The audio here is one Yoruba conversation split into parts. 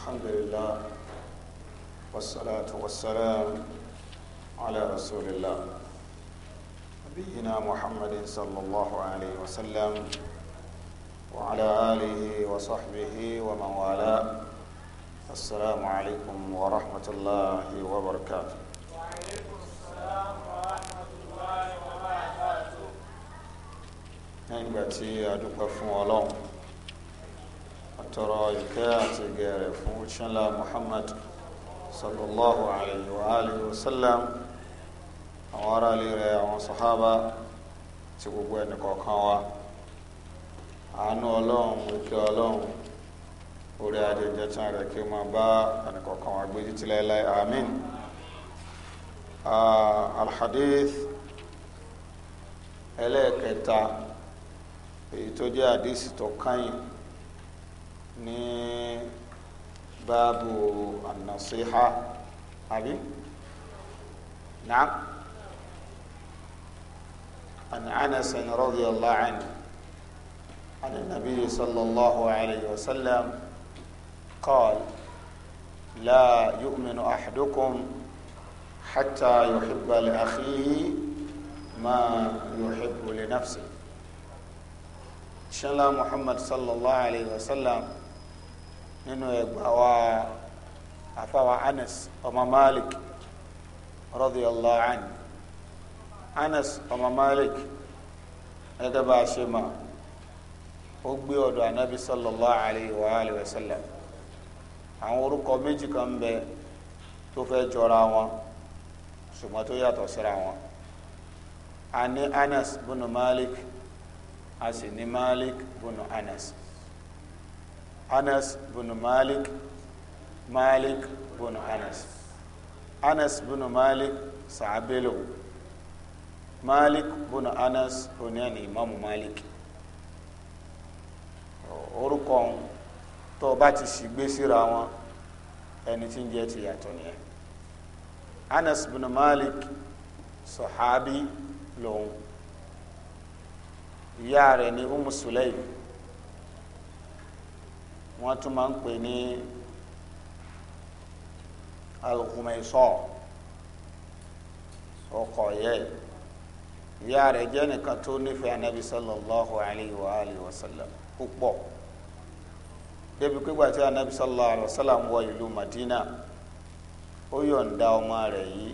الحمد لله والصلاة والسلام على رسول الله نبينا محمد صلى الله عليه وسلم وعلى آله وصحبه ومن والاه السلام عليكم ورحمة الله وبركاته وعليكم السلام ورحمة الله وبركاته tọrọ ìkẹ́ àti gẹ̀rẹ̀ fún ṣánlá Muhammad sallallahu alayhi wa alihi wa sallam àwọn ará ilé rẹ̀ àwọn sàhábà ti gbogbo ẹnì kọ̀ọ̀kan wa àánú ọlọ́run ìkẹ́ ọlọ́run orí adé ìjẹta rẹ̀ kí o bá ẹnì kọ̀ọ̀kan wa gbé títí láéláé àmín alhadith ẹlẹ́ẹ̀kẹta èyí tó jẹ́ àdísì tó kányìn ní báàbù ànàṣíhá àbí nàá عن انس رضي الله عنه عن النبي صلى الله عليه وسلم قال لا يؤمن أحدكم حتى يحب لأخيه ما يحب لنفسه ان شاء الله محمد صلى الله عليه وسلم nínú ẹgbà wa afáwa anas ọmọ malik radiyallahu anhu anas ọmọ malik gẹ́gẹ́ bá a ṣe mọ̀ ó gbé ọ̀dọ̀ anabi sallallahu alayhi wa alayhi wa sallam àwọn orúkọ méjì kan ń bẹ tó fẹ́ jọra wọn ṣùgbọ́n tó yàtọ̀ síra wọn a ní anas bunu malik a sì ní malik bunu anas anas bin malik malik bin anas anas bin malik sàbẹ̀lò malik bin anas oníyanì imamu malik orúkọ ọ̀hún tó o bá ti ṣìgbé síra wọn ẹni tí ń jẹ́ ti yàtọ̀ nìyẹn anas bin malik sọ̀hábí lòun ìyá rẹ̀ ni umu sulaim wọ́n tún máa ń pè ní alùkùmẹ̀sọ ọkọ̀ yẹ ìyá rẹ̀ jẹ́ nìkan tó nífẹ̀ẹ́ anabi sallallahu alayhi wa alayhi wa sallam púpọ̀ débi pípa tí anabi sallallahu alayhi wa sallam wọ ìlú madina ó yọ̀ǹda ọmọ rẹ̀ yìí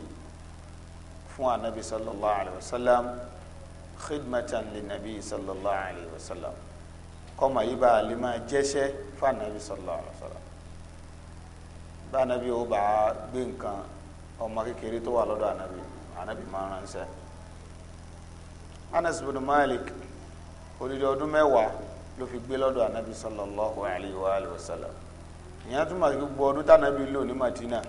fún anabi sallallahu alayhi wa sallam khidmatan linabi sallallahu alayhi wa sallam kọ́mọ yìí bá a lè máa jẹ́ṣẹ́ fànàbí sallallahu alaihi wasallam bánabi ó bá a gbé nǹkan ọmọ kékeré tó wà lọ́dọ̀ ànábì ànábì máa ránṣẹ́ Anas bin Malik odidi ọdún mẹ́wàá ló fi gbé lọ́dọ̀ ànábì sallallahu alaihi wa alihi wasallam ìyẹn tún máa gbogbo ọdún tànábì lò ní Madina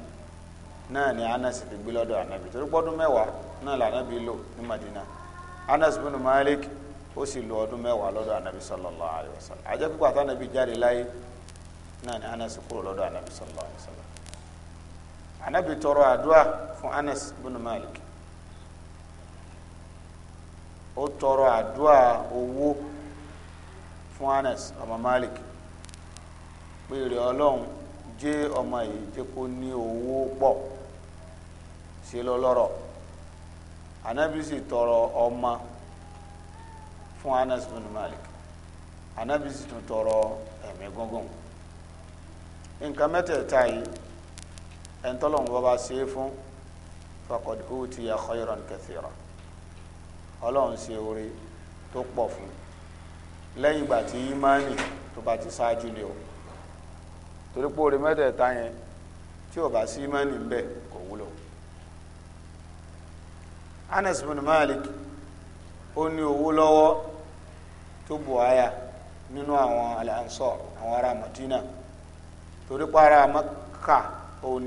náà ni Anas fi gbé lọ́dọ̀ ànábì torí pọ́dún mẹ́wàá náà lànábì lò ní Madina Anas bin Malik ó sì lo ọdún mẹ́wàá lọ́dọ̀ anabi sallallahu alayhi wa sallam àjẹ́ pípa tá anabi jáde láyé náà ni anas kúrò lọ́dọ̀ anabi sallallahu alayhi wa sallam anabi tọrọ àdúrà fún anas bin malik ó tọrọ àdúrà owó fún anas ọmọ malik pèrè ọlọ́run jẹ́ ọmọ yìí jẹ́ kó ní owó pọ̀ ṣe lọ́lọ́rọ̀ anabi sì tọrọ ọmọ fún Anas bin Malik anabi sì tún tọrọ ẹ̀mí gúngún nǹkan mẹ́tẹ̀ẹ̀ta yìí ẹ̀ńtọ́lọ́hún bọ́ bá ṣe é fún faqad utiya khayran kathira ọlọ́run ṣe oore tó pọ̀ fún lẹ́yìn ìgbà tí ìmánì tó bá ti ṣáájú ni o torí pé oore mẹ́tẹ̀ẹ̀ta tí ò bá sí ìmánì ń kò wúlò Anas bin Malik ó ní owó lọ́wọ́ tó bù àyà nínú àwọn alansọ àwọn ará madina torí para maka òun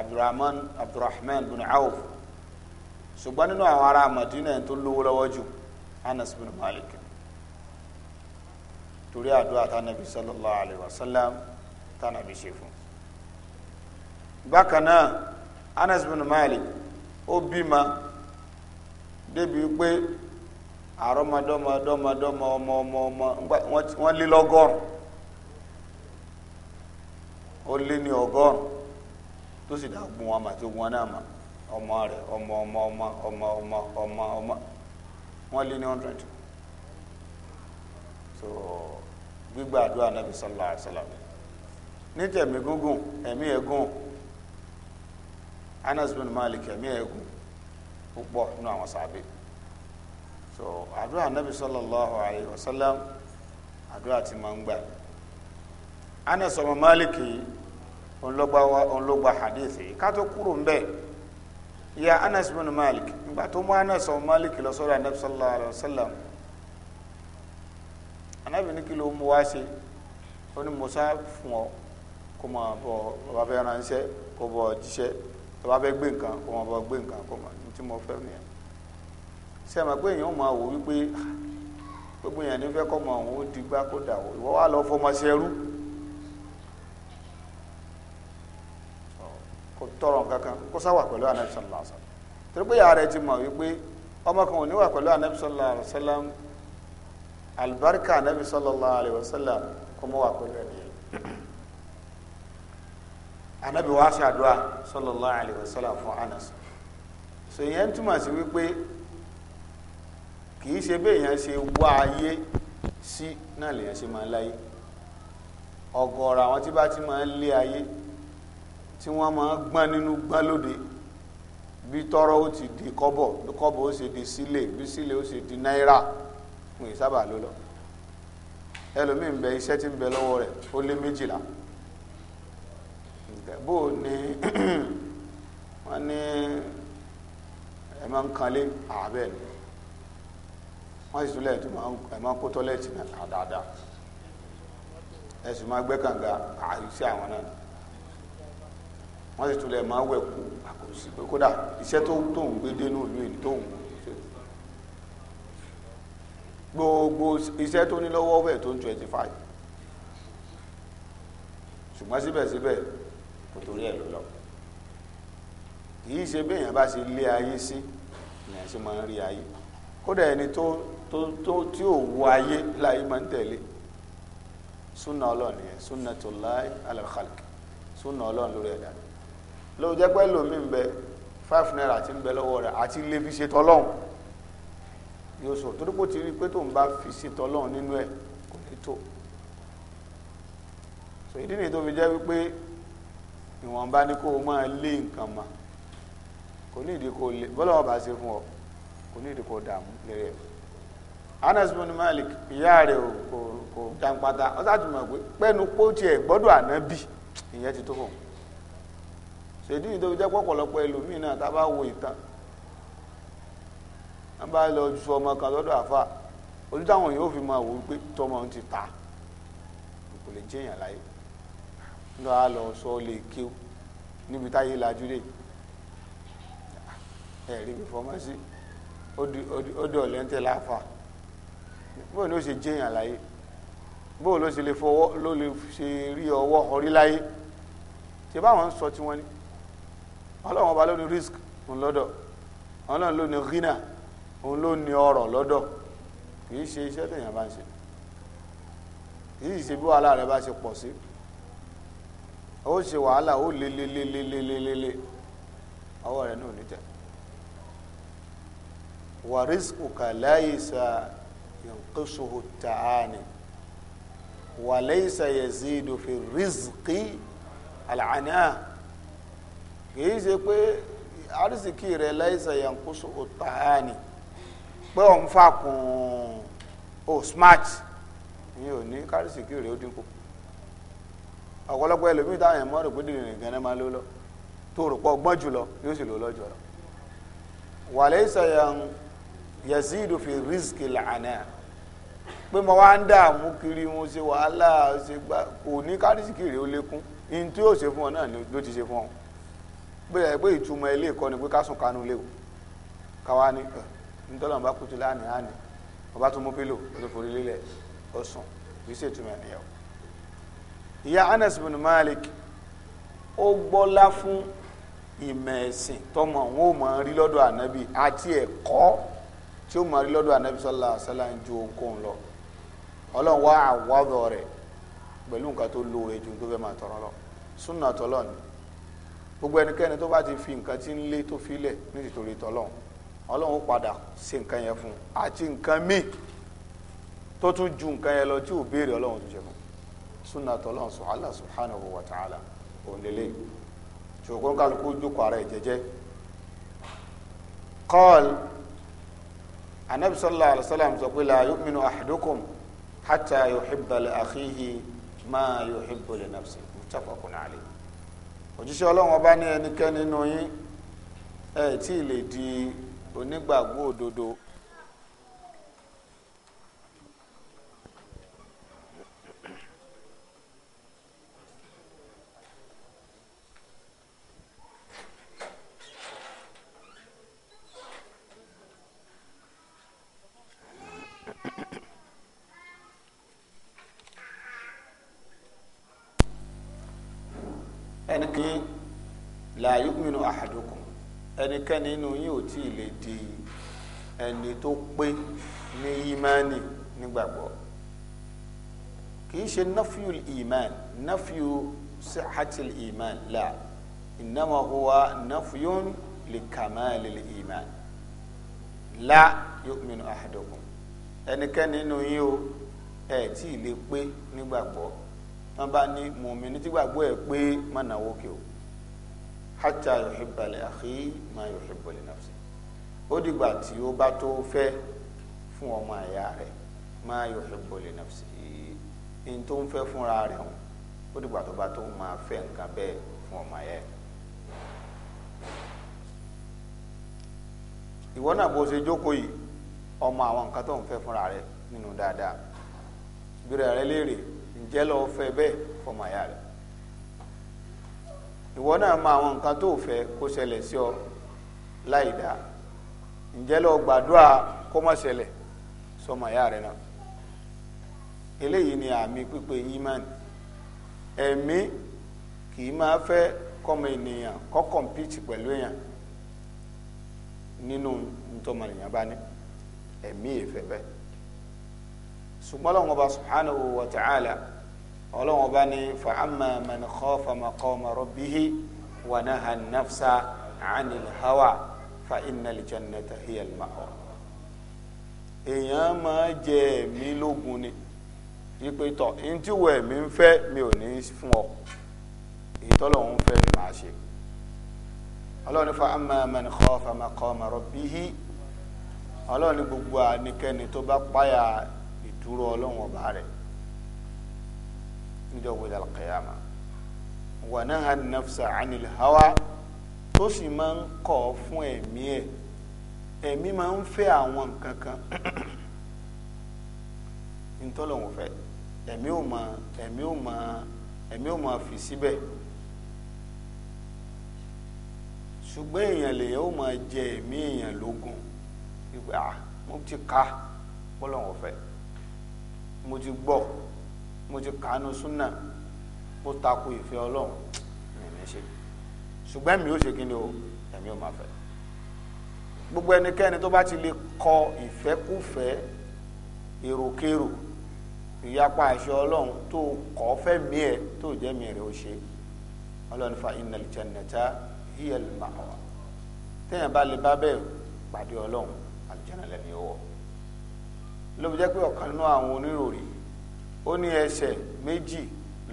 abdulrahman abdulrahman bin awf ṣùgbọ́n nínú àwọn ará madina tó lówó lọ́wọ́ jù anas bin malik torí àdúrà tánàbí sallallahu alayhi wa sallam tánàbí ṣe fún bákan náà anas bin malik ó bímọ débi pé àrọ́mọdọ́mọ dọ́mọdọ́mọ ọmọ ọmọ ọmọ wọ́n lé lọ́gọ́rùn ó lé ní ọgọ́rùn tó sì dàgbùn wọn àti wọn náà mà ọmọ rẹ̀ ọmọ ọmọ ọmọ ọmọ ọmọ ọmọ ọmọ wọ́n lé ní hundred so gbígbà àdúrà so àdúrà nabi sallallahu alayhi wa sallam àdúrà tí ma ń gbà Maliki ònlọgba hadithi ká kúrò ń bẹ ya ana bin Malik nígbà mú Maliki lọ sọ́dọ̀ sallallahu wa anabi ní kí ló mú wá musa fún ọ kó máa bọ kó bọ jíṣẹ́ ọba fẹ́ gbé nǹkan kó máa bọ gbé nǹkan kó máa ní ṣe mọ̀ pé èèyàn máa wò wípé ah, gbogbo èèyàn ní fẹ́ kọ́mọ òun ó digbá kó dàwọ̀ ìwọ wá lọ fọmọ sí ẹrú kò tọrọ nǹkan kan kó sáwà pẹ̀lú anabi sallallahu alaihi wasallam torí pé ìyá ti mọ̀ wípé ọmọ ò níwà pẹ̀lú anabi sallallahu alibarika anabi sallallahu alaihi kò mọ̀ wà pẹ̀lú ẹni yẹn wa ṣàdúrà sallallahu alaihi fún anas kì í ṣe béèyàn ṣe wá ayé sí náà lèyàn ṣe máa láyé ọ̀gọ̀ọ̀rọ̀ àwọn tí bá ti máa ń lé ayé tí wọ́n máa ń gbọ́n nínú gbọ́n lóde bí tọ́rọ́ ó ti di kọ́bọ̀ bí kọ́bọ̀ ó ṣe di sílè bí sílè ó ṣe di náírà fún ìsábà ló lọ ẹlòmíì ń bẹ iṣẹ́ tí ń bẹ lọ́wọ́ rẹ̀ ó lé méjìlá bó o wọ́n ní ẹ̀ máa ń kanlé àbẹ́ẹ̀ ni wọ́n sì túlẹ̀ tó máa kó tọ́lẹ̀tì náà ah, dáadáa ẹ̀sùn máa gbẹ́ kànga àìsí àwọn náà wọ́n sì túlẹ̀ máa wẹ̀ kú àkòsí pé kódà iṣẹ́ tó ń gbé dénú ìlú ìlú tó ń gbogbo iṣẹ́ tó ní lọ́wọ́ wẹ̀ tó ń twenty five ṣùgbọ́n síbẹ̀síbẹ̀ kò torí ẹ̀ ló lọ kì í ṣe bí èèyàn bá ṣe lé ayé sí èèyàn ṣe máa ń rí ayé kódà ẹni tó tó tó tí ò wo ayé láyé máa ń tẹ̀lé súnà ọlọ́run yẹn súnà tó láyé alàkàlùkì súnà ọlọ́run lórí ẹ̀dá ló jẹ́ pé lómi ń bẹ five naira ti ń bẹ lọ́wọ́ rẹ̀ àti ilé fi ṣe tọ́lọ́hún yóò sọ torí kò ti rí pé tóun bá fi ṣe tọ́lọ́hún nínú ẹ̀ kò ní tó so ìdí nìyí tó fi jẹ́ wípé ìwọ̀nba ni kó o máa lé nǹkan mọ́ kò ní ìdí kó o lè bọ́lá ọba ṣe fún ọ kò ní ìdí kó o dààmú lérí ẹ̀ Anas bin Malik ìyá rẹ̀ kò kò jàǹpata ó sáà ti mọ̀ pé pẹ́nu pó tiẹ̀ gbọ́dọ̀ ànábì ìyẹn ti tó fọ̀ ṣèdí yìí tó fi jẹ́ pọ̀pọ̀lọpọ̀ ẹlòmíì náà tá a bá wo ìtàn a bá lọ ju ọmọ kan lọ́dọ̀ àfà ojú táwọn yóò fi máa wò ó pé tọmọ ti ta kò lè jẹ́yàn láyé lọ a lọ sọ lè kéw níbi táyé lajú lè ẹ̀rí bí fọmọ́sí ó di ọ̀lẹ́ńtẹ̀ láàfà bóò ló ṣe jẹyàn láyé bóò ló ṣe lè fọwọ́ ló lè ṣe rí ọwọ́ orí láyé ṣe báwọn ń sọ tí wọ́n ní ọlọ́run ọba ló ní risk òun lọ́dọ̀ ọlọ́run ló ní rina òun ló ní ọrọ̀ lọ́dọ̀ kì í ṣe iṣẹ́ tẹ̀yàn bá ń ṣe kì í ṣe bí wàhálà rẹ bá ṣe pọ̀ sí ó ṣe wàhálà ó lelelelelelelele ọwọ́ rẹ náà ní tẹ̀ wà risk kàláyé sáà. ينقصه التعاني وليس يزيد في الرزق العناء kìí ṣe pé àrísìkí rẹ̀ láìsẹ̀ yankusu ọ̀tàánì pé òun fàkùn ó smart ní ò ní kárísìkí rẹ̀ ó dínkù ọ̀pọ̀lọpọ̀ ẹlòmíì táwọn ẹ̀mọ́ rò pé dìrìnrìn gan máa ló lọ tó rò pọ̀ gbọ́n jùlọ yóò sì lò lọ́jọ́ rẹ̀ wà láìsẹ̀ yankusu yazidu fi rizki lana pé mo wá ń dààmú kiri wọn ṣe wàhálà ṣe gbà kò ní kárísìkì rèé ó lékún ihun tí yóò ṣe fún ọ náà ló ti ṣe fún ọ bẹ́ẹ̀ pé ìtumọ̀ ilé ìkọ́ ni pé ká sùn kánú léwu káwa ní ẹ̀ nítorí ọba kùtù lánìí àní ọba tó mú pílò ó ti forí lélẹ̀ ó sùn kì í ṣe ìtumọ̀ ẹ̀yẹ o. ìyá Anas bin Malik ó gbọ́lá fún ìmọ̀ ẹ̀sìn tọmọ òun ò mọ̀ rí lọ́dọ̀ ànábì àti ẹ̀kọ́ tí ó mọ̀ rí lọ́dọ̀ anabi sọ́lá sọ́lá ń ju ohunkóhun lọ ọlọ́run wá àwọ̀dọ̀ rẹ̀ pẹ̀lú nǹkan tó lóore ju tó fẹ́ máa tọrọ lọ súnà tọ́lọ̀ ni gbogbo ẹnikẹ́ni tó bá ti fi nǹkan tí ń lé tó fi lẹ̀ ní tìtorí tọ́lọ̀ ọlọ́run padà ṣe nǹkan yẹn fún un àti nǹkan míì tó tún ju nǹkan yẹn lọ tí ò béèrè ọlọ́run tó ṣe fún un súnà tọ́lọ̀ Allah subhanahu wa ta'ala òun lélẹ̀ ṣòkòǹkàlùkù jókòó ara ẹ̀ jẹ́jẹ́ kọ́ọ̀lù anabi sallallahu alayhi wa sallam sọ pé la yu'minu ahadukum hatta yuhibba li akhihi ma yuhibbu li nafsi muttafaqun alayhi òjíṣẹ́ ọlọ́run ọba ní ẹnikẹ́ni nínú ẹ̀ tí ì lè di onígbàgbọ́ òdodo ẹnikẹ́ni nínú yín ò tí ì lè di ẹni tó pé ní ìmánì nígbàgbọ́ kìí ṣe nafiu iman nafiu sihatil iman la innama huwa nafiyun likamali iman la yu'minu ahadukum ẹnikẹ́ni nínú yín o ẹ tí ì lè pé nígbàgbọ́ wọn bá ní mùmí ní tí gbàgbọ́ ẹ pé mọ̀nà o hata yuhibba li akhi ma yuhibbu li nafsi ó dìgbà tí ó bá tó fẹ́ fún ọmọ àyà rẹ̀ ma yuhibbu li nafsi ní tó ń fẹ́ fúnra rẹ̀ hàn ó dìgbà tó bá tó máa fẹ́ nǹkan bẹ́ẹ̀ fún ọmọ àyà rẹ̀. ìwọ náà bó ṣe jókòó yìí ọmọ àwọn nǹkan tó ń fẹ́ fúnra rẹ̀ nínú dáadáa bí rẹ̀ rẹ̀ léèrè ǹjẹ́ lọ́ọ́ fẹ́ bẹ́ẹ̀ fọmọ àyà rẹ̀ ìwọ náà àwọn nǹkan tó fẹ́ kó ṣẹlẹ̀ sí ọ láì dá ǹjẹ́ lọ gbàdúrà kó má ṣẹlẹ̀ sọmọ ìyá rẹ náà eléyìí ni àmì pípé imani ẹ̀mí kì í máa fẹ́ kọ́mọ ènìyàn kọ́ kọ̀mpìtì pẹ̀lú èèyàn nínú ntọ́mọnìyàn bá ní ẹ̀mí ìfẹ́ ọlọ́run ọba ní fa amma man khafa maqama rabbihi wa naha nafsa anil hawa fa innal jannata hiya al ma'wa èèyàn máa jẹ ẹ̀mí lógun ni wípé tọ̀ ntí wo ẹ̀mí ń fẹ́ mi ò ní fún ọ èyí tọ́lọ́run fẹ́ mi máa ṣe ọlọ́run fa amma man khafa maqama rabbihi ọlọ́run gbogbo àníkẹ́ni tó bá páyà ìdúró ọlọ́run ọba rẹ̀ níjọ́ wẹlẹ alqiyama wa naha nafsa anil hawa tó sì máa ń kọ̀ fún ẹ̀mí ẹ̀ ẹ̀mí máa ń fẹ́ àwọn nǹkan kan ntọ́lọ́hún fẹ́ ẹ̀mí ò máa ẹ̀mí ò máa ẹ̀mí ò máa fi síbẹ̀ ṣùgbọ́n èèyàn lèyàn ó máa jẹ ẹ̀mí èèyàn lógún ìgbà mo ti ka bọ́lọ́hún fẹ́ mo ti gbọ́ mo ti kànú súnà mo takò ìfẹ́ ọlọ́run mi ní ṣe ṣùgbọ́n mi ò ṣe kí ni o èmi ò máa fẹ́ gbogbo ẹnikẹ́ni tó bá ti lè kọ ìfẹ́kùfẹ́ èròkérò ìyapa àṣẹ ọlọ́run tó kọ́ fẹ́ mí ẹ tó jẹ́ mi rẹ̀ ó ṣe ọlọ́run fa innal jannata hiyal ma'wa téèyàn bá lè bá bẹ́ẹ̀ pàdé ọlọ́run àlùjànnà lẹ́ni ó wọ̀ ló fi pé ọ̀kan nínú àwọn oníròrí ó ní ẹsẹ̀ méjì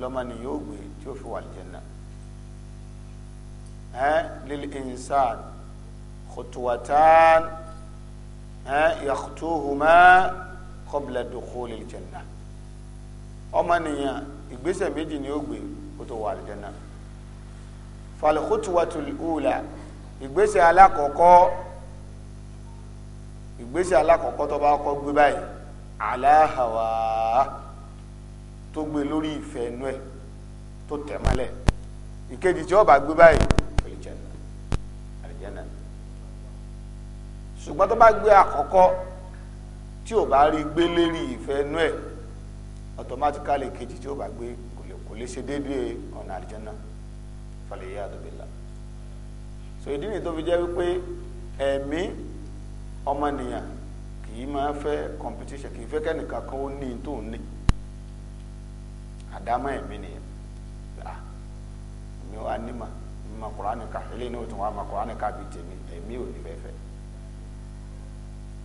lọ́mọnì yóò gbé tí ó fi wà lìjẹ́nà ẹ́ lílì ìnsán kòtùwàtán ẹ́ yàtúhùmá kọ́bìlà dùkú lìjẹ́nà ọmọnìyàn ìgbésẹ̀ méjì ni ó gbé kó tó wà lìjẹ́nà falikutuwatu ula ìgbésẹ̀ alákọ̀ọ́kọ́ ìgbésẹ̀ alákọ̀ọ́kọ́ tó bá kọ́ gbé báyìí aláhàwá. tó gbé lórí ìfẹ́ inú ẹ̀ tó tẹ̀ mọ́lẹ̀ ìkejì tí ó bá gbé báyìí àlìjẹ́nà ṣùgbọ́n tó bá gbé àkọ́kọ́ tí ò bá rí gbé lérí ìfẹ́ inú ẹ̀ automatically kejì tí bá gbé so ìdí nìyí fi jẹ́ wípé ẹ̀mí ọmọnìyàn kì í máa fẹ́ kì í fẹ́ kẹ́nìkan kan ó ní tó ní. àdámọ́ ẹ̀mí nìyẹn à ah, mi wá nímọ̀ mi mọ kùránì ká eléyìí náà tún wá mọ kùránì ká bíi tèmi ẹ̀mí ò ní fẹ́ fẹ́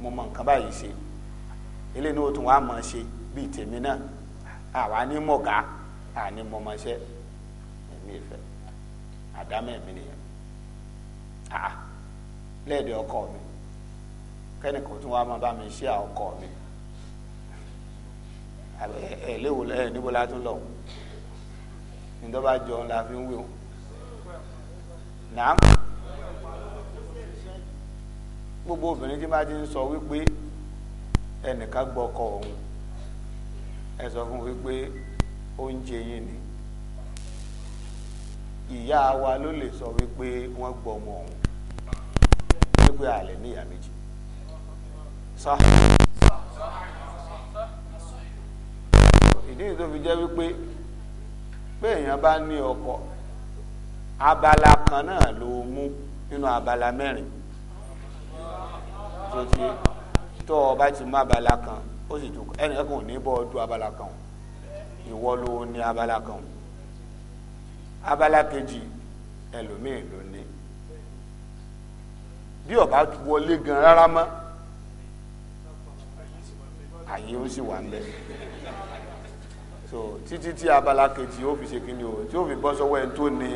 mo mọ nǹkan báyìí ṣe eléyìí náà tún wá mọ ṣe bíi tèmi náà àwa ní mọ̀gá àní mọ̀mọ́ṣẹ́ ẹ̀mí ìfẹ́ àdámọ́ ẹ̀mí nìyẹn à ah, lẹ́ẹ̀dẹ̀ ọkọ mi kẹ́nìkan tún wá máa bá mi ṣe ọkọ mi ẹ léwo ẹ níbo la tún lọ nítorí àjọ la fi ń wí o nàá gbogbo obìnrin tí bá ti ń sọ wípé ẹnìkan gbọ́ ọkọ òun ẹ sọ fún wípé oúnjẹ yìí ni ìyá wa ló lè sọ wípé wọ́n gbọ́ ọmọ òun wípé àlẹ́ níyà méjì sọ. ìdí tó fi jẹ́ wípé pé èèyàn bá ní ọkọ abala kan náà ló mú nínú abala mẹ́rin tó ti tó o bá ti mú abala kan ó sì tún ẹnìkan kò ní bọ́ ọdún abala kan ìwọ ló ní abala kan abala kejì ẹlòmíì ló ní bí o wọlé gan rárá mọ́ àyè ó sì wà ń bẹ so títí tí abala kejì ó fi ṣe kí o tí ó fi bọ́ sọ́wọ́ ẹni tó ní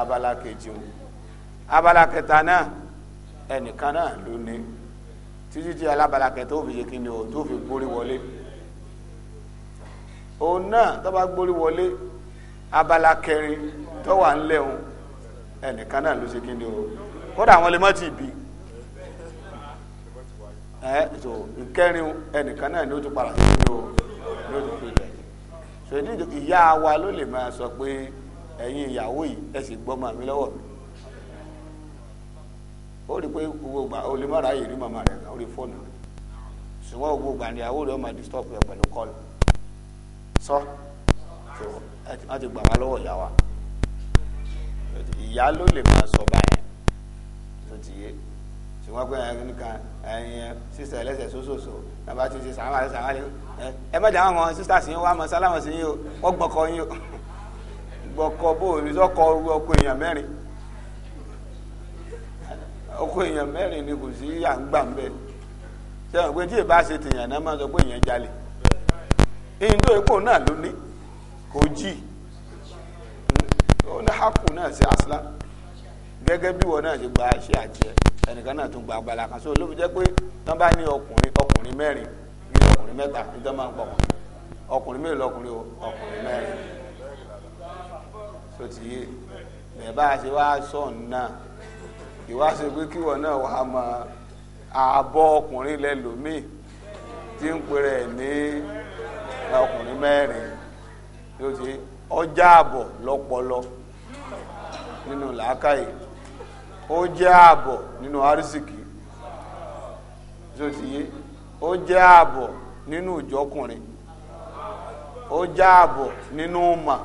abala kejì o abala kẹta náà ẹnìkan náà ló ní títí tí alábala kẹta ó fi ṣe kí o tó fi gbórí wọlé òun náà tó bá gbórí wọlé abala kẹrin tó wà ńlẹ̀ òun ẹnìkan náà ló ṣe kí o kódà àwọn lè má ti bì í ẹ so nkẹrin ẹnìkan náà ni ó tún padà sí ní o ní o so ní ìyá wa ló lè máa sọ pé ẹ̀yin ìyàwó yìí ẹ sì gbọ́mọ mi lọ́wọ́ mi ó rí i pé gbogbo gbà ó lè má ra yìí rí màmá rẹ̀ ó rí fóònù rẹ̀ ṣùgbọ́n gbogbo gbà ní ìyàwó rẹ̀ ó máa disturb rẹ̀ pẹ̀lú kọ́ọ̀lù sọ so wọ́n ti gbà wá lọ́wọ́ ìyá wa ìyá ló lè máa sọ báyẹn tó ti yé. ṣùgbọ́n pé ẹ̀yìn nìkan ẹ̀yìn sísè ẹlẹ́sẹ̀ sósòsò nàbà ti ṣe sàmà sàmà lé ẹ sísè sálámà sí o o bó o kọ ọkọ èèyàn ọkọ èèyàn ni kò sí ń gbà ń pé tí ìbá ṣe tèèyàn náà máa sọ pé èèyàn jalè tó náà ló ní kò ó ní hákù náà sí gẹ́gẹ́ bí wọn náà ṣe gba iṣẹ́ àti ẹnìkan náà tún gba abala kan so ló fi jẹ́ pé tán bá ní ọkùnrin ọkùnrin mẹ́rin ní ọkùnrin mẹ́ta ní tán máa ń pọ̀ ọkùnrin mẹ́rin lọkùnrin o ọkùnrin mẹ́rin so ti yé bẹ́ẹ̀ bá a ṣe wá sọ náà ìwá ṣe pé kí wọn náà wàá mọ ààbọ̀ ọkùnrin lẹ́lòmíì tí ń pèrè ní ọkùnrin mẹ́rin ló ti ọjà àbọ̀ lọ́pọlọ nínú làákàyè. ó jẹ́ ààbọ̀ nínú arísìkí ti ó jẹ́ ààbọ̀ nínú ìjọkùnrin ó jẹ́ ààbọ̀ nínú ọmọ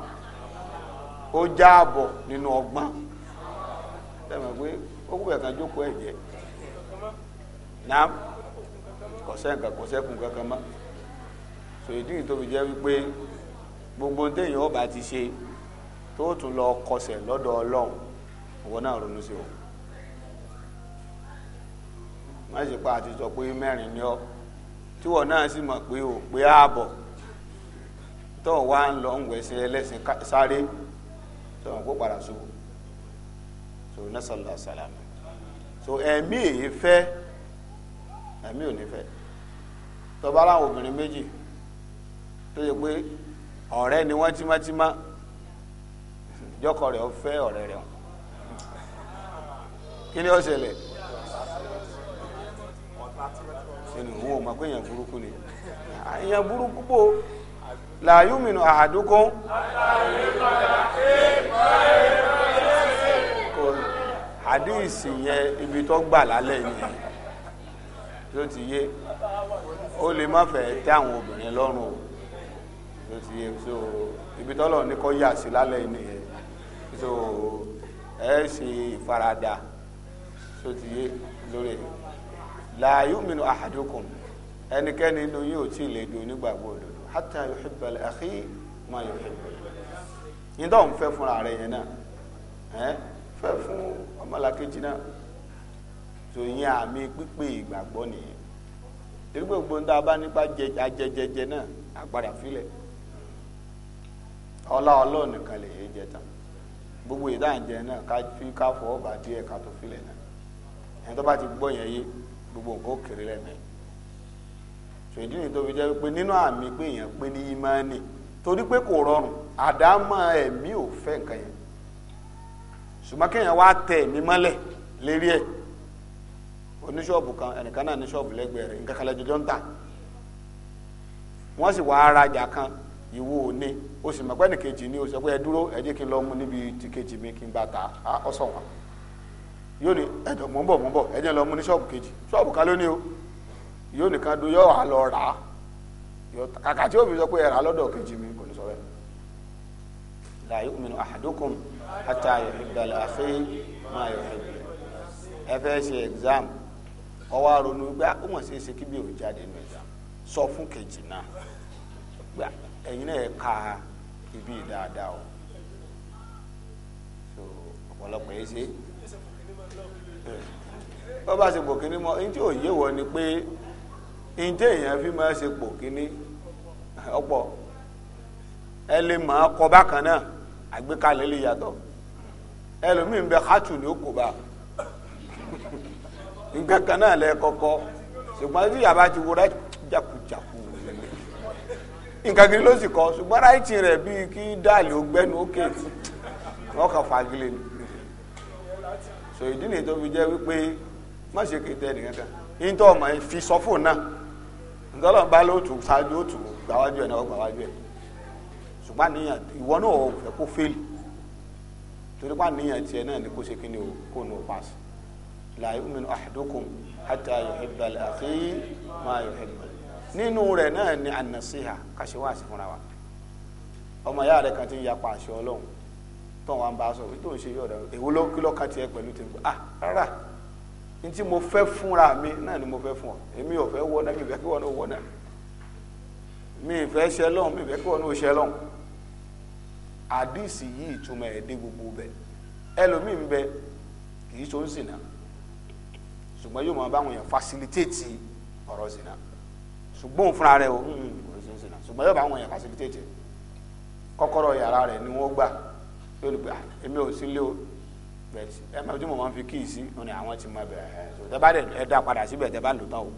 ó jẹ́ ààbọ̀ nínú ọgbọ́n tẹ́mọ̀ pé ó kúbẹ̀ kan jókòó ẹ̀jẹ̀ náà kọ̀sẹ́ nǹkan kankan mọ́ so ìdí yìí tó fi jẹ́ gbogbo téèyàn ọba ti ṣe tó tún lọ kọsẹ̀ lọ́dọ̀ ọlọ́run ìwọ náà ronú má ṣe pa àti sọ pé mẹ́rin ni ọ́ tíwọ̀ náà sì mọ̀ pé ò pé ààbọ̀ tó wá ń lọ ń wẹ̀sẹ̀ ẹlẹ́sìn sáré tó kó padà ṣubú so nasala salama so ẹ̀mí èyí fẹ́ ẹ̀mí ò ní fẹ́ tọba aláwọ̀ obìnrin méjì tó yẹ pé ọ̀rẹ́ ni wọ́n tímátímá rẹ̀ fẹ́ ọ̀rẹ́ rẹ̀ kí ni ó ṣẹlẹ̀ sínú òun ò mọ̀ pé èèyàn burúkú ni èèyàn burúkú bò làyú mìíràn àdókò àdíìsì yẹn ibi tó gbà lálẹ́ yẹn tó ti yé ó lè má fẹ́ tẹ́ àwọn obìnrin lọ́rùn o tó ti yé so ibi tọ́lọ̀ ní kọ́ yà sí lálẹ́ yẹn so ẹ ṣe ìfaradà tó ti yé lórí ẹ̀. la yu'minu ahadukum ẹnikẹ́ni inú yóò tí lè dùn nígbàgbọ́ òdodo hatta yuhibba li akhi ma yuhibbu yín fẹ́ fún ààrẹ yẹn náà fẹ́ fún ọmọlàkejì náà tó yín àmì pípé ìgbàgbọ́ nìyẹn tá a bá nípa náà àgbàdà filẹ̀ ọlá lè yé jẹ tán gbogbo ìdáǹjẹ náà ká fi ká ká tó filẹ̀ náà tó bá ti gbọ́ yẹn gbogbo nǹkan ó kéré lẹ́nu ṣèdí ni tó fi jẹ́ pé nínú àmì pé èèyàn pé ní ìmánì torí pé kò rọrùn àdámọ́ ẹ̀mí ò fẹ́ ṣùgbọ́n wá tẹ ẹ̀mí mọ́lẹ̀ lérí ẹ̀ oníṣọ́ọ̀bù kan ẹnìkan náà ní ṣọ́ọ̀bù lẹ́gbẹ̀ẹ́ rẹ̀ nǹkan ń tà wọ́n sì o sì mọ̀ pé ni o sọ pé ẹ dúró ẹ jẹ́ kí n lọ mú níbi mi kí n ta yóò ní ẹ̀dọ̀ mò ń bọ̀ mò ń bọ̀ ẹ̀jẹ̀ lọ mú ní ṣọ́ọ̀bù kejì ṣọ́ọ̀bù ká ló o yóò nìkan do yóò wà lọ rà á kàkà tí òbí sọ pé ẹ̀rà lọ́dọ̀ kejì mi kò ní sọ bẹ́ẹ̀. la yu'minu ahadukum hatta yuhibba li akhihi ma yuhibbu ẹ fẹ́ ṣe exam ọwọ́ àrònú gbé ah, ó mọ̀ sí ṣe kí bí òun jáde nù exam sọ fún kejì náà gbé ẹ̀yin náà ka ibi dáadáa o so ọ̀pọ̀lọpọ̀ yẹn Ọ bá ṣe pò mọ́ tí ò yé wọ ni pé ní tí èèyàn fi máa ṣe pò ọ̀pọ̀ ẹ lè máa kọ bákan náà àgbékalẹ̀ lè yàtọ̀ ẹlòmíín bẹ ní òkùnbà nǹkan kan náà lẹ kọkọ ṣùgbọ́n tí yàrá ti wúra jákujàku nǹkan kiri ló sì kọ ṣùgbọ́n rẹ̀ bíi kí dáàlì ókè wọ́n kàn sọ ìdí nìyí tó fi jẹ́ wípé má ṣe kéde ẹnìkan kan yín ọmọ yín fi sọ fóònù náà ntọ́lọ́ bá lóòtù ṣáájú òtù gbàwájú ẹ̀ náà gbàwájú ẹ̀ ṣùgbọ́n àníyàn ìwọ náà ò fẹ́ kó fẹ́lì torí àníyàn tiẹ̀ náà ni kó ṣe kíni o kó wa ọmọ kan ti ń yapa tó wọn bá sọ tó ń ṣe yọ̀dọ̀ èwo ló kí lọ́ka tiẹ̀ pẹ̀lú tèmi ah rárá n tí mo fẹ́ fúnra mi náà ni mo fẹ́ fún ọ èmi ò fẹ́ wọ náà mi ò fẹ́ kí wọn náà wọ náà mi ì fẹ́ ṣe lọ́hùn mi ì fẹ́ kí wọn náà ṣe lọ́hùn àdìsí yìí ìtumọ̀ ẹ̀ dé gbogbo bẹ̀ ẹlòmíì ń bẹ kì í ṣe ń sìn náà ṣùgbọ́n yóò máa báwọn yẹn fasilitéètì ọ̀rọ̀ sìn náà ṣùgbọ́n òun fúnra rẹ̀ o hmm, kò ń sìn ṣùgbọ́n yóò báwọn yẹn fasilitéètì kọ́kọ́rọ́ yàrá rẹ̀ ni wọ́n gbà yóò gbà èmi ò sí lé o bẹ́ẹ̀ ẹ máa tí mo máa fi kíì sí òní àwọn ti máa bẹ̀rẹ̀ ẹ̀ tẹ́ bá dẹ̀ ẹ dá padà síbẹ̀ tẹ́ bá lò tán o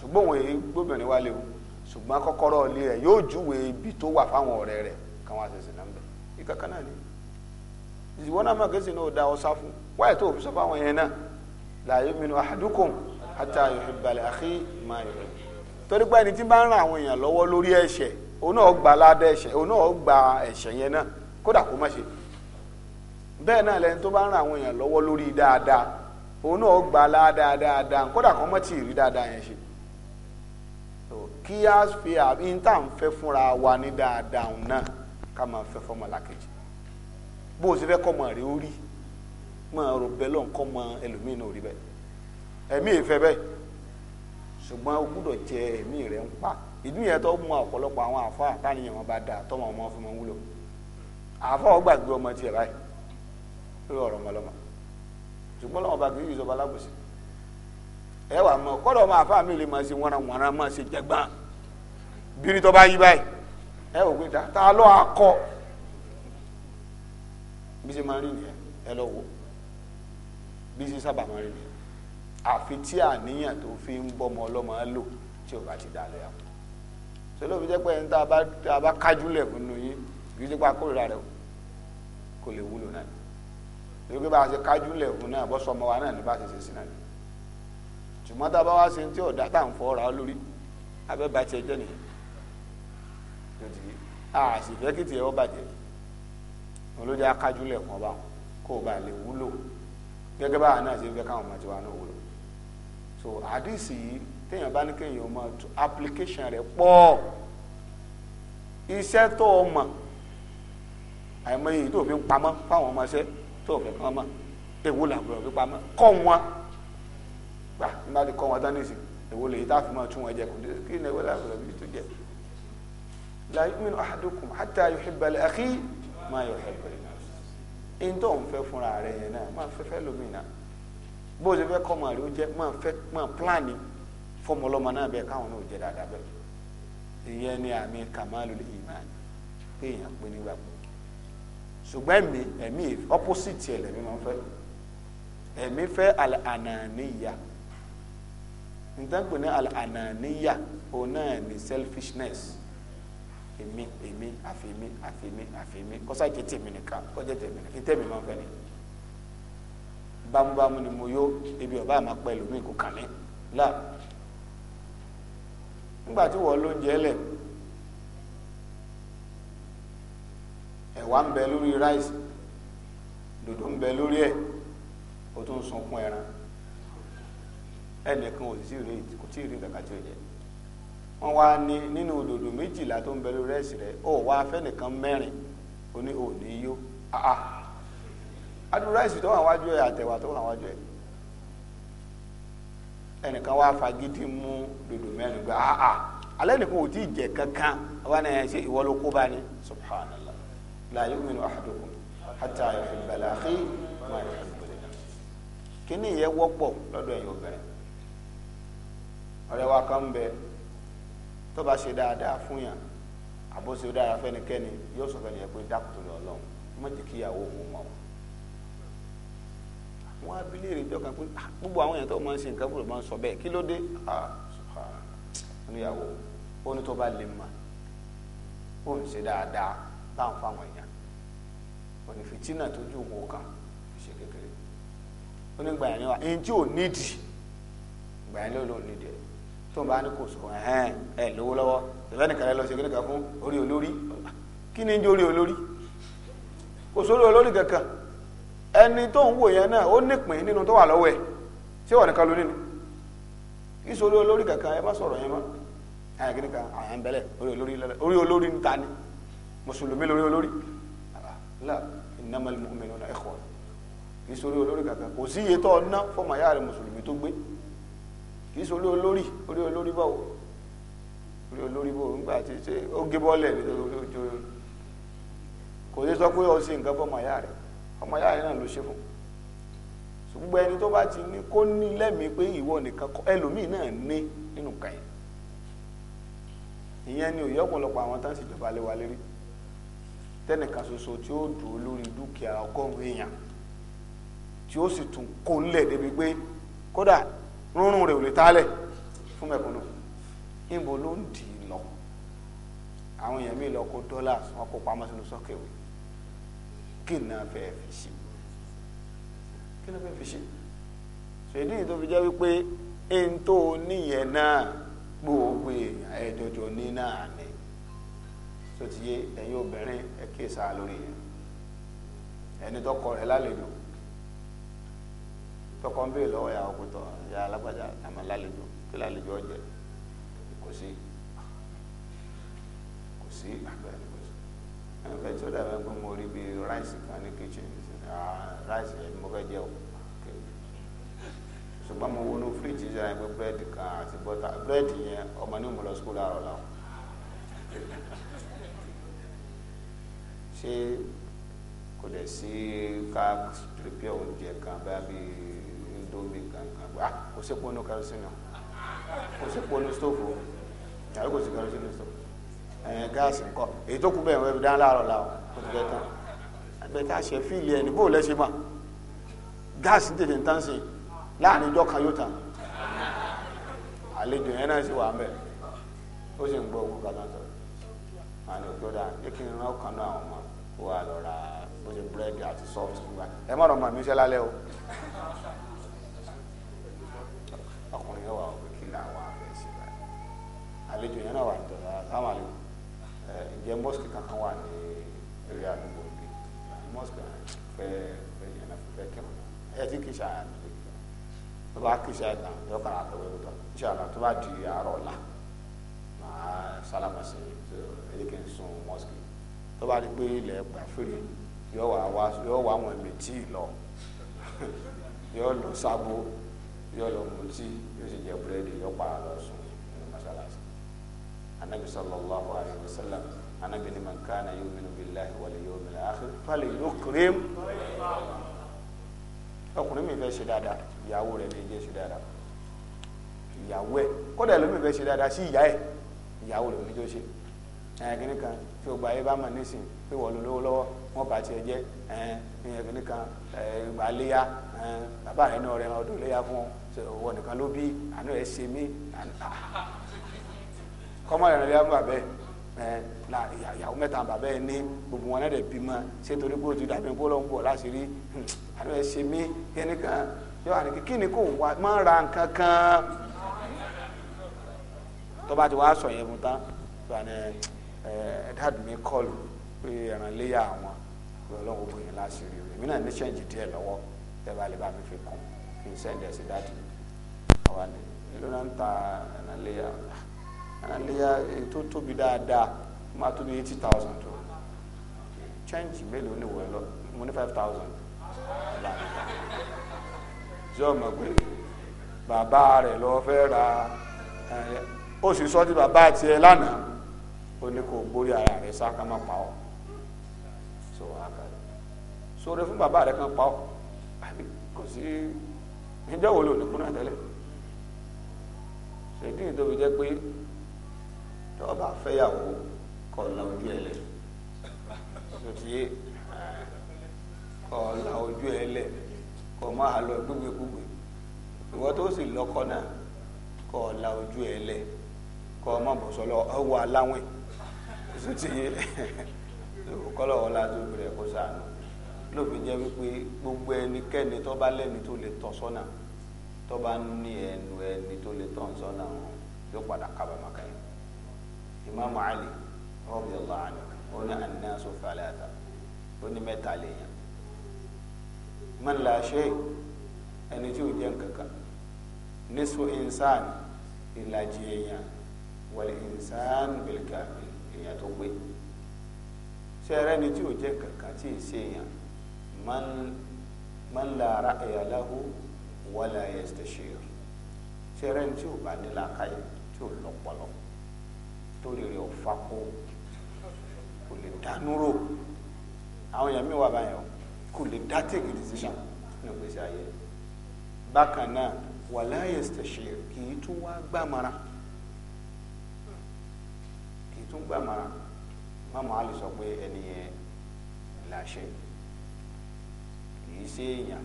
ṣùgbọ́n òun èyí gbóbìnrin wálé o ṣùgbọ́n kọ́kọ́rọ́ ilé rẹ̀ yóò júwe ibi tó wà fáwọn ọ̀rẹ́ rẹ̀ káwọn àṣẹṣe náà ń bẹ̀ ìkankan náà ni ìwọ náà máa kéṣì náà da ọsá fún wáyé tó fi sọ fáwọn yẹn náà la yu'minu ahadukum hatta yuhibba li akhi ma yuhibbu torí pé ẹni tí bá ń ran kódà kó má ṣe bẹ́ẹ̀ náà lẹni tó bá ń ran àwọn èèyàn lọ́wọ́ lórí dáadáa òun náà gbà láadáa dáadáa kódà kó má tì í rí dáadáa yẹn ṣe kí á fi àbí tá à ń fẹ́ fúnra wa ní dáadáa òun náà ká máa fẹ́ fọmọ làkejì bó o ṣe fẹ́ kọ́mọ rẹ ó rí máa rò bẹ́ẹ̀ lọ́n kọ́mọ ẹlòmíín náà rí bẹ́ẹ̀ ẹ̀mí ìfẹ́ bẹ́ẹ̀ ṣùgbọ́n o gbúdọ̀ jẹ ẹ̀mí rẹ̀ ń pa ìdúnyẹ̀tọ́ mú ọ̀pọ̀lọpọ̀ àwọn àfọ àtàníyàn wọn bá dáa tọ́mọ ọmọ fún wọn wúlò. àfọwọ́ gbàgbé ọmọ tiẹ̀ báyìí lórí ọ̀rọ̀ ọmọlọ́mọ ṣùgbọ́n lọ́wọ́ bá kì í yùsọ̀bọ ẹ wà mọ ọmọ àfa mi lè máa ṣe wọ́nra wọ́nra máa ṣe jẹgbọ́n bírí bá yí báyìí ẹ wò ta akọ bí ṣe máa rí nìyẹn ẹ lọ wò bí ṣe sábà fi ń lò tí o bá ti dà jẹ́ pé ẹni tá a bá fún un kó lè wúlò náà ni lórí bá a ṣe kájú lẹ̀kùn náà bọ́ sọmọ wa náà ní bá a ṣe ṣe sí náà ni ṣùgbọ́n tá a bá wá ṣe tí ọ̀dá tá à ń fọ́ ra lórí abẹ́ bá tiẹ̀ jẹ́ nìyẹn lójijì àṣìfẹ́ kìtì ẹ̀ ọ́ bàjẹ́ olójà kájú lẹ̀kùn ọba kó o bá lè wúlò gẹ́gẹ́ bá a náà ṣe fẹ́ káwọn ọmọ tiwa náà wúlò so àdìsí yìí téèyàn bá ní kéèyàn mọ application rẹ̀ pọ̀ iṣẹ́ tó o mọ̀ àìmọye yìí tó fi ń pamọ́ fáwọn ọmọ ṣẹ́ tó fi pamọ́ èwo làbúrò fi pamọ́ kọ́ wọn gbà nígbà tí kọ́ wọn tán nìsín èwo lè yí tá a fi máa tún wọn jẹ kò dé kí ni èwo làbúrò fi tún jẹ. la yu'minu ahadukum hatta yuhibba li akhi ma yuhibbu li nafsihi. in tó ń fẹ́ fúnra rẹ̀ yẹn náà máa fẹ́ fẹ́ lómi náà bó o ṣe fẹ́ kọ́ ọmọ rẹ̀ ó máa fẹ́ máa pílánì fọmọlọ́mọ náà bẹ́ẹ̀ káwọn náà jẹ́ dáadáa bẹ́ẹ̀ ìyẹn ni àmì kàmáàlú ìmánì pé èèyàn pé ṣùgbọ́n ẹ̀mí ẹ̀mí opposite ẹ̀ lẹ́mí máa ń fẹ́ ẹ̀mí fẹ́ al-ananiya nítàgbọ́n ní al-ananiya òun náà ní selfishness èmi èmi àfèmi àfèmi àfèmi kọ́sá jẹ́ tèmi nìkan kọ́jẹ́ tèmi nìkan tèmi máa ń fẹ́ ni bámúbámú ni mo yó ebi ọba àmà pẹ́ lómi kò kàn mí là nígbà tí wọ́n lóúnjẹ lẹ̀ ẹ̀wà ń bẹ lórí ráìsì dòdò ń bẹ lórí ẹ̀ ó tún sunkún ẹran ẹnìkan ò sì rí kò tí ì rí kàkà tí wọn wá ní nínú òdòdó méjìlá tó ń bẹ lórí ráìsì rẹ ó wá fẹnìkan mẹ́rin ó ní ò ní yó àà adúrú ráìsì tó wà wájú ẹ àtẹwà tó wà wájú ẹ ẹnìkan wá fagídí mú dòdò mẹ́rin gba àà alẹ́ nìkan ò tí ì jẹ kankan wọn ni ẹ ṣe ìwọ bá ní subhanallah. la yu'minu ahadukum hatta yuhibba li akhihi ma yuhibbu li nafsihi kíní yẹ wọ́pọ̀ lọ́dọ̀ ẹ̀yin obìnrin ọ̀rẹ́ wa kan bẹ tó bá ṣe dáadáa fún yàn àbóṣe dára fẹ́nikẹ́ni yóò sọ fẹ́ni yẹn pé dákùtù lọ lọ́hùn má jẹ́ kí ìyàwó òun mọ̀ wọn abilé rẹ̀ jọ kan pé gbogbo àwọn èèyàn tó máa ń ṣe nǹkan fúnra máa ń sọ bẹ́ẹ̀ kí ló dé oníyàwó ó lè mà ó ń ṣe dáadáa láǹfààní yẹn òní fìtínà tó ju wò kàn ṣe kékeré ó ní gbàyàn ni wa ẹni tí ò nídìí gbàyàn ló ló nídìí ẹ tó ń bá ní kò sọ ẹhẹn ẹ lówó lọ́wọ́ ìfẹ́ nìkan lẹ lọ ṣe kíníkan fún orí olórí kí ni ń jẹ orí olórí kò sórí olórí kankan ẹni tó ń wò yẹn náà ó nípìn nínú tó wà lọ́wọ́ ẹ ṣé wà nìkan ló nínú kí sórí olórí kankan ẹ má sọ̀rọ̀ yẹn mọ́ ẹ kíníkan àyàn bẹ́lẹ̀ orí orí olórí ń ta ni mùsùlùmí lórí olórí لا innamal mu'minuna ikhwa kì í sori olórí kankan kò sí iye tó ọ ná fọmọ ayá rẹ mùsùlùmí tó gbé kì í sori olórí orí olórí báwo orí olórí báwo nígbà tí ṣe ó gé bọ́ọ̀lẹ̀ nítorí ojú kò sí sọ pé ó ṣe nǹkan fọmọ ayá rẹ ọmọ ayá rẹ náà ló ṣe fún ṣùgbọ́n ẹni tó bá ti ní kó ní ìyẹn ni òye ọ̀pọ̀lọpọ̀ àwọn tá ń ṣèjọba léwa lérí tẹnìkan ṣoṣo tí ó dùn lórí dúkìá ọgọ́rùn-ún èèyàn tí ó sì tún kó ńlẹ̀ débi pé kódà rúnrún rẹ̀ ò lè tálẹ̀ fún mẹ̀kúnnù níbo ló ń dì í lọ àwọn èèyàn mi lọ kó dọ́là wọn kó pamọ́ sínú sọ́kẹ̀wé kí n náà fẹ́ẹ́ fi ṣe kí n náà fẹ́ẹ́ fi ṣe ṣèdí tó fi jẹ́ wípé ẹni tó níyẹn náà gbogbo èèyàn ní náà ni tó ti yé ẹ̀yin obìnrin ẹ kí sáà lórí yẹn ẹni tọkọ rẹ̀ lálejò tọkọ ń bèè lọ́wọ́ ya ọkùtọ ya alágbájá àmà lálejò kí lálejò ọjẹ kò sí kò sí àgbẹ̀ kò sí ẹni fẹ́ tí ó dàbẹ pé mo rí bí ráìsì kan ní kíchìn ráìsì yẹn mo fẹ́ jẹ o ṣùgbọ́n mo wọnú fíríjì yẹn pé búrẹ́dì kan àti bọ́tà búrẹ́dì yẹn ọmọ ní mo lọ sukúlù àrọ̀ làwọn. ṣé kò dẹ̀ sí ká pèpè oúnjẹ kan bá bí kankan ah, kò sí pọnú kò sí pọnú stóòfù kò sí stóòfù gáàsì ńkọ èyí tó kú bẹ́ẹ̀ wọ́n ẹni bó gáàsì tètè tán sí láàrin kan yóò tán àlejò yẹn náà sì wà kó wa lọ ra bó ṣe búrẹ́dì àti soft nígbà ẹ má lọ mọ àmì iṣẹ́ lálẹ́ o ọkùnrin yẹn wà ó kí ni àwọn àfẹ́ ṣe báyìí àlejò yẹn náà wà ní tọ́lá táwọn àlejò ẹ ǹjẹ́ mosque kankan wà ní eré àdúgbò mi mosque fẹ́ fẹ́ yẹn náà fẹ́ kẹ́wọ́n ẹ ti kìí ṣàyà mi tó bá kìí ṣàyà tán yọ kàrà àtọwé tó tán ìṣàlá tó bá di àárọ̀ ọ̀la màá sálámà sí ẹ ẹ kí n sun mosque tó bá di pé ilẹ̀ gbàfèrè yọ wà wá yọ wà àwọn ẹ̀mí tí ì lọ yọ lọ sábó yọ lọ mutí yóò sì jẹ búrẹ́dì yọ pa lọ sùn ní masalasi anabi sallallahu alayhi wa sallam anabi ni man kana yu'minu billahi wal yawmil akhir fali yukrim ọkùnrin mi fẹ́ ṣe dáadáa ìyàwó rẹ̀ ní ìjẹ́ ṣe dáadáa ìyàwó ẹ̀ kódà ẹlòmíì fẹ́ ṣe dáadáa sí ìyá ẹ̀ ìyàwó rẹ̀ ní ìjọ ṣe ẹ̀ kìnnìkan tí o gba ayé bá mọ̀ nísìnyí pé wọ́n lò lówó lọ́wọ́ wọ́n bá tiẹ̀ jẹ́ ẹ̀ẹ́n nìkan ìgbà léya bàbá rẹ̀ náà rẹ̀ ọdún léya fún ọ nìkan ló bí àánú ẹ̀ ṣe mí kọ́mọ rẹ̀ léya fún bàbẹ́ la ìyàwó mẹ́ta bàbẹ́ ẹ̀ ní gbogbo wọn náà bímọ ṣé torí pé o ti dàbí kó lọ́n bọ̀ láti rí àánú ẹ̀ ṣe mí kẹ́nìkan yọ àníkí kí ni kò wá máa ra nǹkan kan tó bá ti wá sọ yẹn fún tán ẹ dad mi kọlù pé ẹran léyà àwọn pé ọlọ́run bò yín láṣìírí rẹ̀ èmi náà ní ṣẹ́ǹjì díẹ̀ lọ́wọ́ tẹ́ bá lè bá mi fi kún kí n sẹ́ǹdẹ̀ sí dad mi àwa ni èló náà ń ta ẹran léyà ẹran léyà tó tóbi dáadáa máa tóbi eighty thousand tó ṣẹ́ǹjì mélòó ni wọ́n lọ mo ní five thousand ṣé ọmọ pé bàbá rẹ̀ lọ fẹ́ ra eh, ó sì sọ ti bàbá tiẹ̀ lánàá. ó ní kó gbórí ara rẹ sá pa ọ so so sóore fún bàbá rẹ kan pa ọ kò sí ẹjọ́ wo ló ní kúnà tẹ́lẹ̀ ṣèdí ìdóbi pé tọba fẹ́yàwó kọ la ojú ẹ lẹ sotí kọ la ojú ẹ kọ máa lọ tó sì náà la ojú ẹ aláwìn. tó ti yé kọ́lọ̀ wọn láti obìnrin ẹ̀kọ́ sànù lóbi jẹ́ wípé gbogbo ẹnikẹ́ni tó bá lẹ́ni tó lè tọ́ sọ́nà tó bá ní ẹnu ẹni tó lè tọ́ sọ́nà yóò padà kábàámà kẹ́yìn Imam Ali radiyallahu anhu ó ní an-nasu thalatha ó ní mẹ́ta lèèyàn man la shay ẹni tí ò jẹ́ nǹkankan nisfu insan ìlàjì èèyàn wal insan bil èèyàn tó gbé sẹ́rẹ́ ni tí ò jẹ́ kàkà tí ì sí èèyàn man la ra'ya lahu wala yastashir sẹ́rẹ́ ni tí ò bá nílá káyé tí ò lọ́pọlọ torí rẹ̀ ò fakó kò lè dánúrò àwọn èèyàn mi wà báyọ̀ kò lè dá take a decision ní ìgbésí ayé bákan náà wala yastashir kì í tún wá gbàmọ́ra tún gbàmọ̀ràn mọ́mọ́ àlè sọ pé ẹni yẹn làṣẹ kìí ṣe èèyàn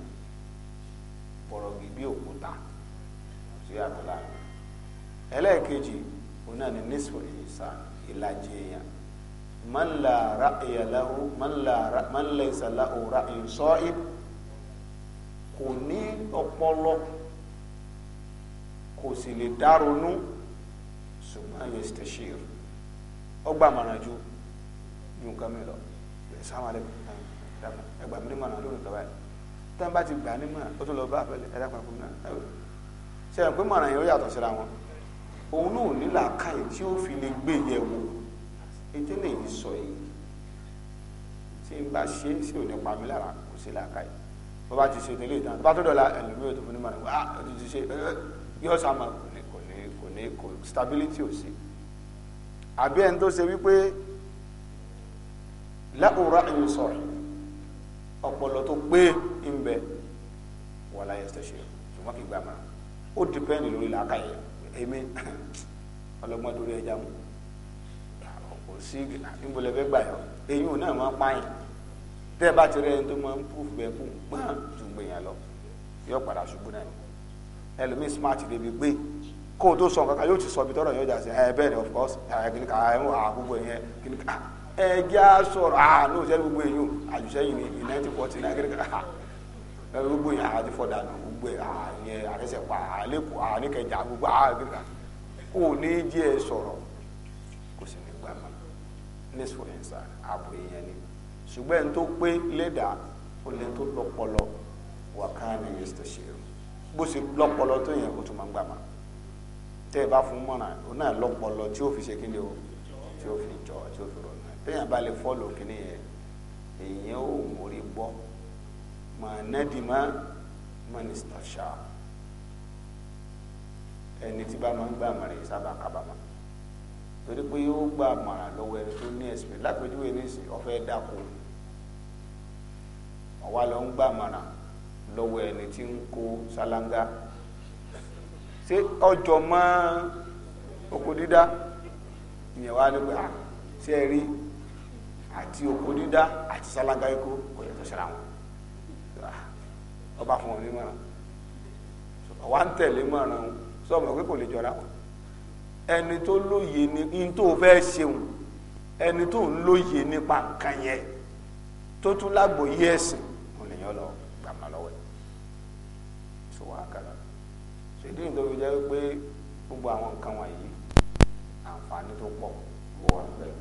bọ̀rọ̀gì bí òkúta sí àkúta ẹlẹ́ẹ̀kejì òun náà ni nísìwò ìsà ìlàjì èèyàn man la ra'ya lahu man la man laysa lahu ra'yun sa'ib kò ní ọpọlọ kò sì lè dá ronú ṣùgbọ́n yastashir ọgbà mọ̀ràn ju ju nǹkan mi lọ sáwọn alẹ́ ẹgbà mi ní mọ̀ràn lórí nǹkan báyìí tẹ́wọ́n bá ti gbà ní mọ̀ràn ó tún lọ bá àfẹ́lẹ́ ẹ̀dá kan fún mi náà ṣe é pé mọ̀ràn yẹn ó yàtọ̀ síra wọn òun náà ní làákàyè tí ó fi lè gbé yẹ̀ wò ètò lè yí sọ yìí tí n bá ṣe sí òní pa lára kò sí làákàyè bó bá ti ṣe tẹ́lẹ̀ ìtàn bá tó dọ̀la ẹlòmíràn tó fún ní mọ̀ràn wá ah, ó ti ṣe yọ stability ò àbí ẹni tó ṣe wípé láwùrọ̀ ẹ̀yìn sọ̀rọ̀ ọpọlọ tó pé ń bẹ wà láyé ṣẹṣẹ ṣùgbọ́n kì í gbà máa ó dìpẹ́ndì lórí làákàyè èmi ọlọ́gbọ́n torí ẹja mu kò sí ìmọ̀lẹ́fẹ́ gbà yọ èyí ò náà máa pààyàn tẹ́ ẹ bá ti rẹ ẹni tó máa ń púfù bẹ́ẹ̀ kú gbọ́n ju gbèyàn lọ yọ padà ṣubú náà ẹlòmíì smart débi gbé kó o tó sọ nǹkan kan yóò ti sọ ibi tọ́rọ̀ yóò jà sí ẹ ni of course ẹ kìnnìkà ẹ mú àwọn ah, gbogbo yẹn kìnnìkà ah. ẹ jẹ́ gbogbo yẹn yóò àjùsẹ́yìn ní ní nineteen forty nine kìnnìkà ẹ gbogbo yẹn àti fọ́dà nù pa àlékò àníkẹjà gbogbo kìnnìkà o ní sì ní gbà má àbò yẹn ni ṣùgbọ́n tó pé ó tó wà tẹ́ ẹ bá fún mọ̀ràn òun náà lọ́pọlọ tí ó fi ṣe kí ni o tí ó fi jọ tí ó fi rọ̀ náà téèyàn bá lè fọ́ọ̀lù kínní yẹn èèyàn ò mórí gbọ́ mọ̀nẹ́dìmọ́ mínísítà ṣá ẹni tí bá máa ń gbà mọ̀ràn yìí sábà kábàámọ̀ torí pé ó gbà mọ̀ràn lọ́wọ́ ẹni tó ní ẹ̀sìn lápẹjúwe ní ìsìn ọ̀fẹ́ dáko ọ̀wá lọ ń gbà mọ̀ràn lọ́wọ́ ẹni tí ń kó sálángá ṣé ọjọ́ mọ́ oko dídá ìyẹn wá ní pé à ṣé ẹ rí àti oko dídá àti sálágá ikú kò yẹ tó ṣe ra wọn ọba fún wọn ní mọ̀ràn ọ̀wá ń tẹ̀lé mọ̀ràn wọn sọ́ọ̀mọ̀ pé kò lè jọra wọn ẹni tó lóye ní in tó fẹ́ ṣeun ẹni tó ń lóye nípa nǹkan yẹn tó tún lágbòye ẹ̀sìn òun lèyàn lọ gbàmọ́ lọ́wọ́ ẹ̀ sọ wàá kàrà ìdí ìdóbi jẹ́ pé gbogbo àwọn nǹkan wọ̀nyí àǹfààní tó pọ̀ ó wà níbẹ̀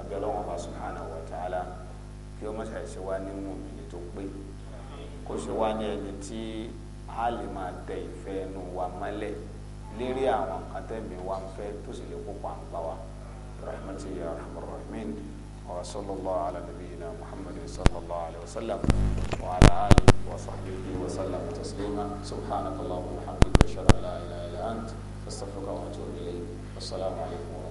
abẹ́ ọlọ́wọ́n bá subhanahu wa ta'ala kí ó mọ̀ṣáì ṣe wá ní mòmìnì tó pé kò ṣe wá ní ẹni tí a lè máa tẹ ìfẹ́ ẹnu wa mọ́lẹ̀ lérí àwọn nǹkan tẹ̀mí wa ń fẹ́ tó sì lè kópa àǹgbá wa rahmatulahi rahmatulahi. وصلى الله على نبينا محمد صلى الله عليه وسلم وعلى آله وصحبه وسلم تسليما سبحانك اللهم وبحمدك أشهد أن لا إله إلا أنت أستغفرك وأتوب إليك والسلام عليكم